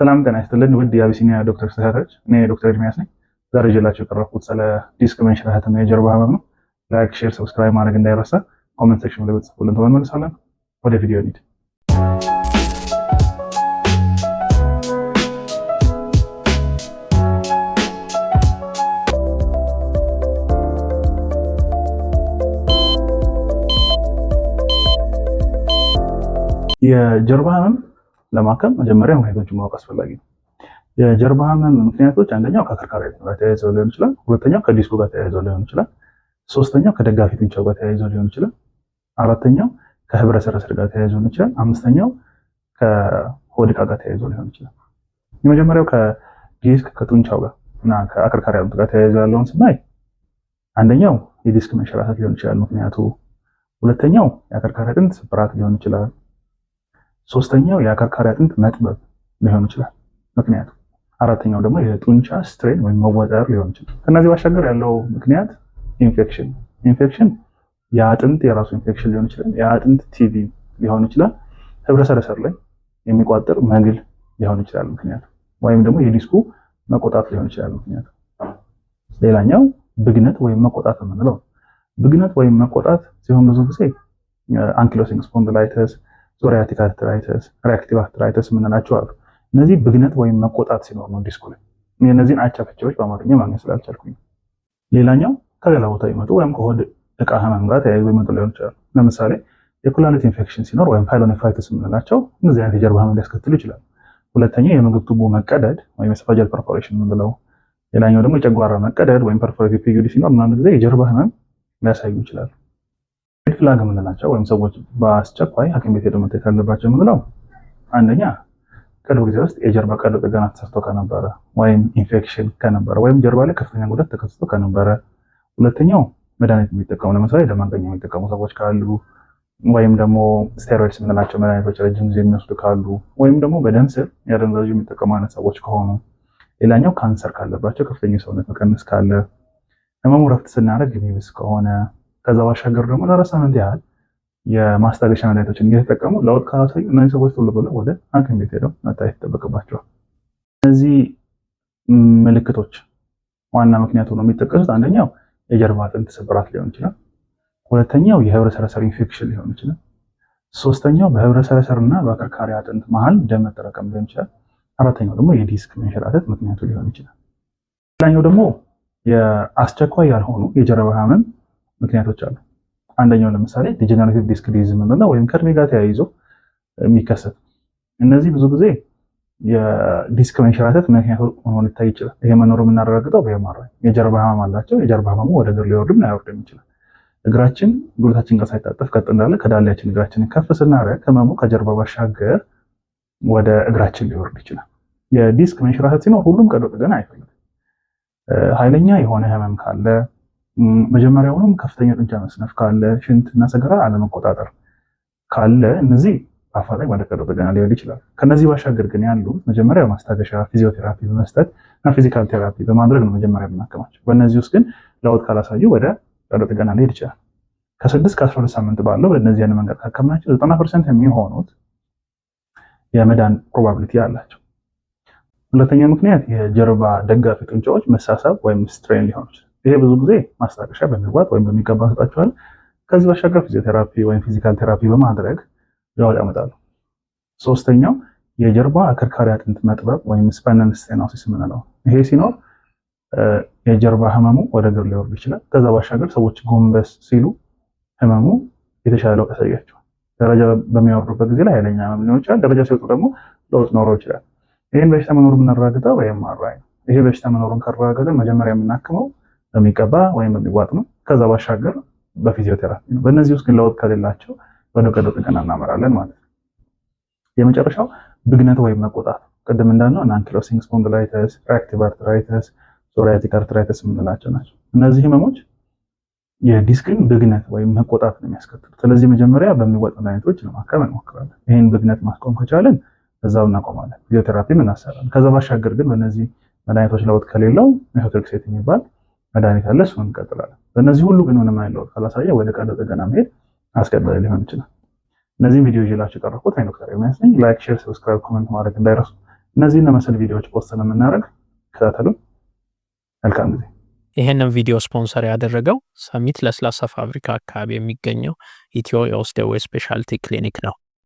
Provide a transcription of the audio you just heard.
ሰላም ጤና ይስጥልን ውድ የአቢሲኒያ ዶክተር ተከታታዮች፣ እኔ ዶክተር ኤርሚያስ ነኝ። ዛሬ ጀላቸው የቀረብኩት ስለ ዲስክ መንሸራተትና የጀርባ ህመም ነው። ላይክ፣ ሼር፣ ሰብስክራይብ ማድረግ እንዳይረሳ። ኮመንት ሴክሽን ላይ ብትጽፉልን ተመልሳለን። ወደ ቪዲዮ እንሂድ። የጀርባ ህመም ለማከም መጀመሪያ ምክንያቶችን ማወቅ አስፈላጊ ነው። የጀርባ ህመም ምክንያቶች አንደኛው ከከርካሪ ጋር ተያይዞ ሊሆን ይችላል። ሁለተኛው ከዲስኩ ጋር ተያይዞ ሊሆን ይችላል። ሶስተኛው ከደጋፊ ጡንቻው ጋር ተያይዞ ሊሆን ይችላል። አራተኛው ከህብረ ሰረሰር ጋር ተያይዞ ሊሆን ይችላል። አምስተኛው ከሆድ ዕቃ ጋር ተያይዞ ሊሆን ይችላል። የመጀመሪያው ከዲስክ ከጡንቻው ጋር እና ከአከርካሪ ጋር ተያይዞ ያለውን ስናይ አንደኛው የዲስክ መንሸራተት ሊሆን ይችላል ምክንያቱ። ሁለተኛው የአከርካሪ አጥንት ስብራት ሊሆን ይችላል። ሶስተኛው የአከርካሪ አጥንት መጥበብ ሊሆን ይችላል ምክንያቱ። አራተኛው ደግሞ የጡንቻ ስትሬን ወይም መወጠር ሊሆን ይችላል። ከእነዚህ ባሻገር ያለው ምክንያት ኢንፌክሽን ኢንፌክሽን የአጥንት የራሱ ኢንፌክሽን ሊሆን ይችላል። የአጥንት ቲቪ ሊሆን ይችላል። ህብረሰረሰር ላይ የሚቋጠር መግል ሊሆን ይችላል ምክንያቱ። ወይም ደግሞ የዲስኩ መቆጣት ሊሆን ይችላል ምክንያቱ። ሌላኛው ብግነት ወይም መቆጣት የምንለው ብግነት ወይም መቆጣት ሲሆን ብዙ ጊዜ አንኪሎሲንግ ስፖንድላይተስ ሶሪያቲክ አርትራይተስ፣ ሪያክቲቭ አርትራይተስ የምንላቸው አሉ። እነዚህ ብግነት ወይም መቆጣት ሲኖር ነው። ዲስኩ ላይ እነዚህን አቻ ፍቺዎች በአማርኛ ማግኘት ስላልቻልኩኝ፣ ሌላኛው ከሌላ ቦታ ይመጡ ወይም ከሆድ እቃ ህመም ጋር ተያይዞ ይመጡ ሊሆን ይችላል። ለምሳሌ የኩላሊት ኢንፌክሽን ሲኖር ወይም ፓይሎኔፍራይተስ የምንላቸው እነዚህ አይነት የጀርባ ህመም ሊያስከትሉ ይችላል። ሁለተኛ የምግብ ቱቦ መቀደድ ወይም የስፋጀል ፐርፎሬሽን የምንለው፣ ሌላኛው ደግሞ የጨጓራ መቀደድ ወይም ፐርፎሬቲቭ ፒዩዲ ሲኖር ምናምን ጊዜ የጀርባ ህመም ሊያሳዩ ይችላሉ። ፍላግ የምንላቸው ወይም ሰዎች በአስቸኳይ ሐኪም ቤት ሄደው መታየት አለባቸው የምንለው አንደኛ ቅርብ ጊዜ ውስጥ የጀርባ ቀዶ ጥገና ተሰርቶ ከነበረ ወይም ኢንፌክሽን ከነበረ ወይም ጀርባ ላይ ከፍተኛ ጉዳት ተከስቶ ከነበረ፣ ሁለተኛው መድኃኒት የሚጠቀሙ ለምሳሌ ደም የሚጠቀሙ ሰዎች ካሉ ወይም ደግሞ ስቴሮይድስ የምንላቸው መድኃኒቶች ረጅም ጊዜ የሚወስዱ ካሉ ወይም ደግሞ በደም ስር ያደንዛዥ የሚጠቀሙ አይነት ሰዎች ከሆኑ፣ ሌላኛው ካንሰር ካለባቸው ከፍተኛ ሰውነት መቀነስ ካለ፣ ህመሙ ረፍት ስናደርግ የሚብስ ከሆነ ከዛ ባሻገር ደግሞ ለረሳን ያህል የማስታገሻ መድኃኒቶችን እየተጠቀሙ ለውጥ ካላሳዩ እነዚህ ሰዎች ቶሎ ብለው ወደ ሐኪም ቤት ሄደው መታየት ይጠበቅባቸዋል። እነዚህ ምልክቶች ዋና ምክንያት ሆኖ የሚጠቀሱት አንደኛው የጀርባ አጥንት ስብራት ሊሆን ይችላል። ሁለተኛው የህብረ ሰረሰር ኢንፌክሽን ሊሆን ይችላል። ሶስተኛው በህብረ ሰረሰር እና በአከርካሪ አጥንት መሀል ደም ሊሆን ይችላል። አራተኛው ደግሞ የዲስክ መንሸራተት ምክንያቱ ሊሆን ይችላል። ሌላኛው ደግሞ የአስቸኳይ ያልሆኑ የጀርባ ህመም ምክንያቶች አሉ። አንደኛው ለምሳሌ ዲጀነሬቲቭ ዲስክ ዲዝ የምንለው ወይም ከእድሜ ጋር ተያይዞ የሚከሰት እነዚህ ብዙ ጊዜ የዲስክ መንሸራተት ምክንያት ሆኖ ሊታይ ይችላል። ይሄ መኖሩ የምናረጋግጠው በኤምአርአይ የጀርባ ህመም አላቸው። የጀርባ ህመሙ ወደ እግር ሊወርድም ላይወርድም ይችላል። እግራችን ጉልበታችን ጋር ሳይጣጠፍ ቀጥ እንዳለ ከዳሌያችን እግራችንን ከፍ ስናደርግ ህመሙ ከጀርባ ባሻገር ወደ እግራችን ሊወርድ ይችላል። የዲስክ መንሸራተት ሲኖር ሁሉም ቀዶ ጥገና አይፈልግም። ኃይለኛ የሆነ ህመም ካለ መጀመሪያውንም ከፍተኛ ጡንቻ መስነፍ ካለ፣ ሽንት እና ሰገራ አለመቆጣጠር ካለ እነዚህ አፋጣኝ ወደ ቀዶ ጥገና ሊሆን ይችላል። ከነዚህ ባሻገር ግን ያሉ መጀመሪያ ማስታገሻ ፊዚዮቴራፒ በመስጠት እና ፊዚካል ቴራፒ በማድረግ ነው መጀመሪያ የምናከማቸው። በእነዚህ ውስጥ ግን ለውጥ ካላሳዩ ወደ ቀዶ ጥገና ሊሄድ ይችላል። ከስድስት ከአስራ ሁለት ሳምንት ባለው በእነዚህ ያን መንገድ ካከምናቸው ዘጠና ፐርሰንት የሚሆኑት የመዳን ፕሮባብሊቲ አላቸው። ሁለተኛ ምክንያት የጀርባ ደጋፊ ጡንቻዎች መሳሳብ ወይም ስትሬን ሊሆኑ ይችላል። ይሄ ብዙ ጊዜ ማስታገሻ በሚዋጥ ወይም በሚገባ ሰጣቸዋል። ከዚህ ባሻገር ፊዚዮቴራፒ ወይም ፊዚካል ቴራፒ በማድረግ ለውጥ ያመጣሉ። ሶስተኛው የጀርባ አከርካሪ አጥንት መጥበብ ወይም ስፓይናል ስቴኖሲስ የምንለው ይሄ ሲኖር የጀርባ ህመሙ ወደ እግር ሊወርድ ይችላል። ከዛ ባሻገር ሰዎች ጎንበስ ሲሉ ህመሙ የተሻለ ለውጥ ያሳያቸዋል። ደረጃ በሚያወርዱበት ጊዜ ላይ ኃይለኛ ህመም ሊሆን ይችላል። ደረጃ ሲወጡ ደግሞ ለውጥ ኖረው ይችላል። ይህን በሽታ መኖሩ የምናረጋግጠው በኤምአርአይ ነው። ይሄ በሽታ መኖሩን ካረጋገጥን መጀመሪያ የምናክመው የሚቀባ ወይም የሚዋጥ ነው። ከዛ ባሻገር በፊዚዮቴራፒ ነው። በእነዚህ ውስጥ ግን ለውጥ ከሌላቸው ወደ ቀዶ ጥገና እናመራለን ማለት ነው። የመጨረሻው ብግነት ወይም መቆጣት፣ ቅድም እንዳልነው አንኪሎሲንግ ስፖንድላይተስ፣ ሪአክቲቭ አርትራይተስ፣ ሶሪያቲክ አርትራይተስ የምንላቸው ናቸው። እነዚህ ህመሞች የዲስክን ብግነት ወይም መቆጣት ነው የሚያስከትሉ። ስለዚህ መጀመሪያ በሚወጡ አይነቶች ለማከም እንሞክራለን። ይህን ብግነት ማስቆም ከቻለን እዛው እናቆማለን፣ ፊዚዮቴራፒም እናሰራለን። ከዛ ባሻገር ግን በእነዚህ መድኃኒቶች ለውጥ ከሌለው ሜቶትሬክሴት የሚባል መድኃኒት አለ፣ እሱን እንቀጥላለን። በእነዚህ ሁሉ ግን ምንም አይነት ለውጥ ካላሳየ ወደ ቀዶ ጥገና መሄድ አስገዳጅ ሊሆን ይችላል። እነዚህም ቪዲዮ ይዤላችሁ የቀረብኩት አይኖክተር የሚያስኝ ላይክ፣ ሼር፣ ሰብስክራይብ፣ ኮመንት ማድረግ እንዳይረሱ። እነዚህን መሰል ቪዲዮዎች ፖስት ስለምናደርግ ከታተሉ። መልካም ጊዜ። ይህንም ቪዲዮ ስፖንሰር ያደረገው ሰሚት ለስላሳ ፋብሪካ አካባቢ የሚገኘው ኢትዮ የውስጥ ደዌ ስፔሻልቲ ክሊኒክ ነው።